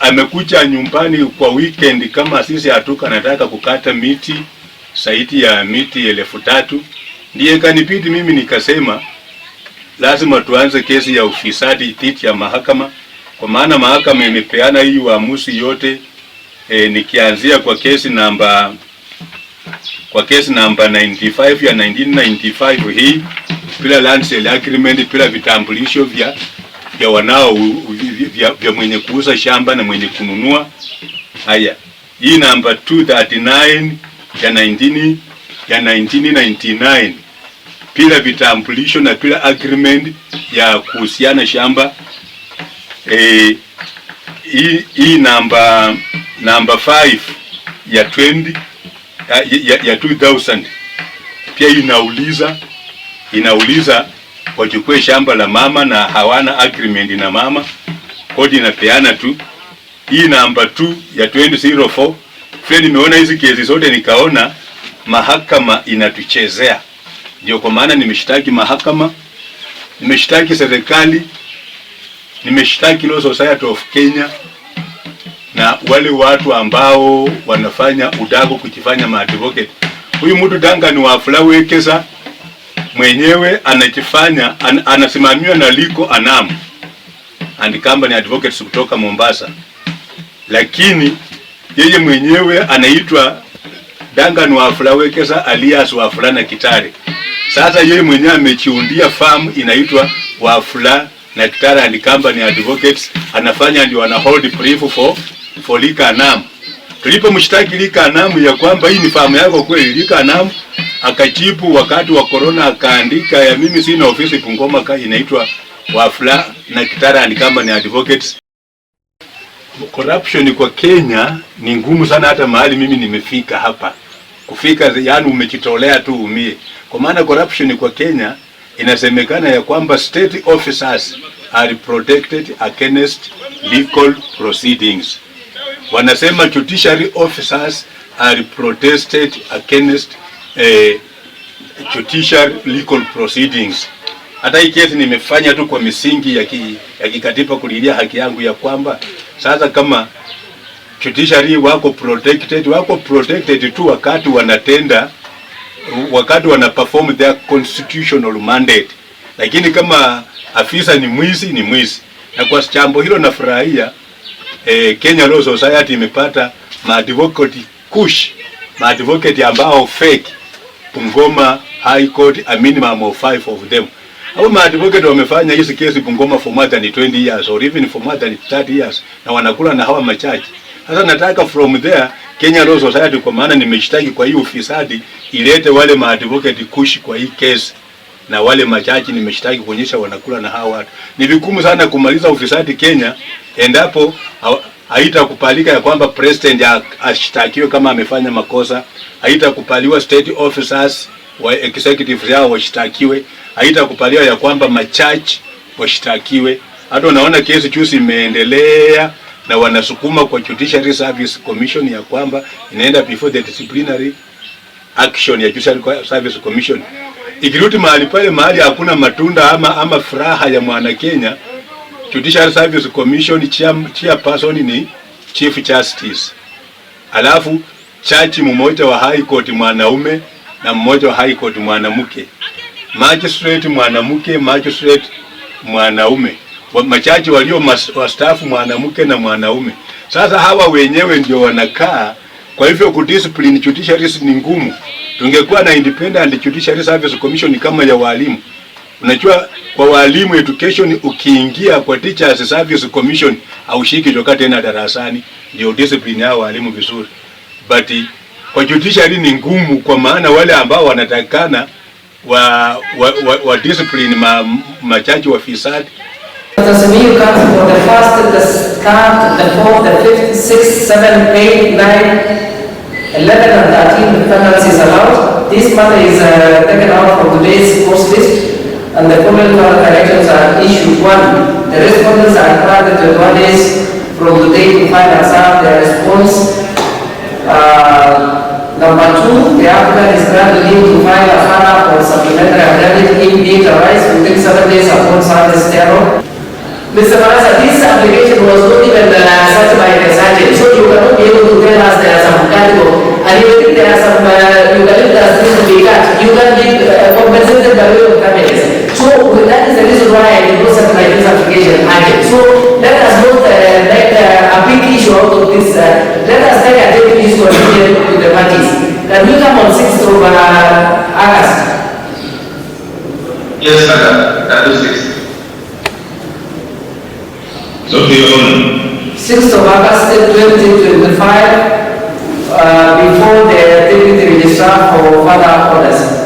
amekuja nyumbani kwa weekend kama sisi hatuka, nataka kukata miti zaidi ya miti elfu tatu. Ndiye kanipiti mimi nikasema lazima tuanze kesi ya ufisadi dhidi ya mahakama, kwa maana mahakama imepeana hii uamuzi yote e, nikianzia kwa kesi namba kwa kesi namba 95 ya 1995 hii bila land sale agreement bila vitambulisho vya vya wanao vya, vya mwenye kuuza shamba na mwenye kununua. Haya, hii namba 239 ya 19 ya 1999 bila vitambulisho na bila agreement ya kuhusiana shamba eh, hii hii namba namba 5 ya 20 ya, ya, ya 2000 pia inauliza inauliza wachukue shamba la mama na hawana agreement na mama, kodi inapeana tu. Hii namba tu ya 2004 Fred, nimeona hizi kesi zote nikaona mahakama inatuchezea, ndio kwa maana nimeshtaki mahakama, nimeshtaki serikali, nimeshtaki Law Society of Kenya na wale watu ambao wanafanya udago kujifanya maadvocate. Huyu mtu danga ni wafula wekeza mwenyewe anakifanya an, anasimamiwa na Liko Anam and company advocates kutoka Mombasa, lakini yeye mwenyewe anaitwa Dangan Wafula Wekesa alias Wafula na Kitare. Sasa yeye mwenyewe amechiundia farm inaitwa Wafula na Kitare and company advocates, anafanya ndio ana hold brief for for Lika Anam. Tulipomshtaki Lika Anam ya kwamba hii ni farm yako kweli, Lika Anam akajibu wakati wa corona, akaandika ya mimi sina ofisi Bungoma, kazi inaitwa Wafula na Kitara kama ni Advocates. Corruption kwa Kenya ni ngumu sana, hata mahali mimi nimefika hapa kufika, yani umejitolea tu umie, kwa maana corruption kwa Kenya inasemekana ya kwamba state officers are protected against legal proceedings. Wanasema judiciary officers are protested against eh, judicial legal proceedings. Hata hii kesi nimefanya tu kwa misingi ya, ki, ya kikatiba kulilia haki yangu ya kwamba sasa kama judiciary wako protected, wako protected tu wakati wanatenda wakati wana perform their constitutional mandate, lakini kama afisa ni mwizi ni mwizi. Na kwa jambo hilo nafurahia eh, Kenya Law Society imepata maadvocate kush maadvocate ambao fake Bungoma High Court a minimum of five of them. Hao maadvocate wamefanya hizi kesi Bungoma for more than 20 years or even for more than 30 years na wanakula na hawa machaji. Sasa nataka from there Kenya Law Society kwa maana nimeshtaki kwa hii ufisadi ilete wale maadvocate kushi kwa hii kesi na wale machaji nimeshtaki kuonyesha wanakula na hawa watu. Ni vigumu sana kumaliza ufisadi Kenya endapo haitakubalika ya kwamba president ashtakiwe kama amefanya makosa, haitakubaliwa state officers wa executive yao washtakiwe, haitakubaliwa ya kwamba machachi washtakiwe. Hata unaona kesi juzi imeendelea na wanasukuma kwa Judiciary Service Commission ya kwamba inaenda before the disciplinary action ya Judiciary Service Commission. Ikirudi mahali pale, mahali hakuna matunda ama ama furaha ya mwana Kenya. Judicial Service Commission chairperson ni Chief Justice, alafu chachi mmoja wa High Court mwanaume na mmoja wa High Court mwanamke, magistrate mwanamke, magistrate mwanaume, machachi walio wastaafu mwanamke na mwanaume. Sasa hawa wenyewe ndio wanakaa. Kwa hivyo kudiscipline judiciary ni ngumu. Tungekuwa na independent judiciary service commission kama ya walimu Unajua, kwa walimu education, ukiingia kwa Teachers Service Commission haushiki toka tena darasani, ndio discipline yao walimu vizuri, but eh, kwa judiciary ni ngumu, kwa maana wale ambao wanatakana wa, wa, wa, wa discipline ma, machaji wa fisadi This matter is uh, taken out from today's course list. and the following corrections are issued. One, the respondents are granted to one days from the day to find out their response. Uh, number two, the applicant is granted leave to file a FANA or supplementary affidavit if it arise within seven days upon service thereof. Mr. Manasa, this application was not even uh, the searched by the sergeant, so you cannot be able to tell us there are some category. And you think there are some, uh, you believe there are things to be cut. You can this, uh, let us take a take this convenient to the parties. Can you come on 6th of uh, August? Yes, madam. That is 6th. So, Your Honor. 6th of August 2025 uh, before the deputy registrar for further orders.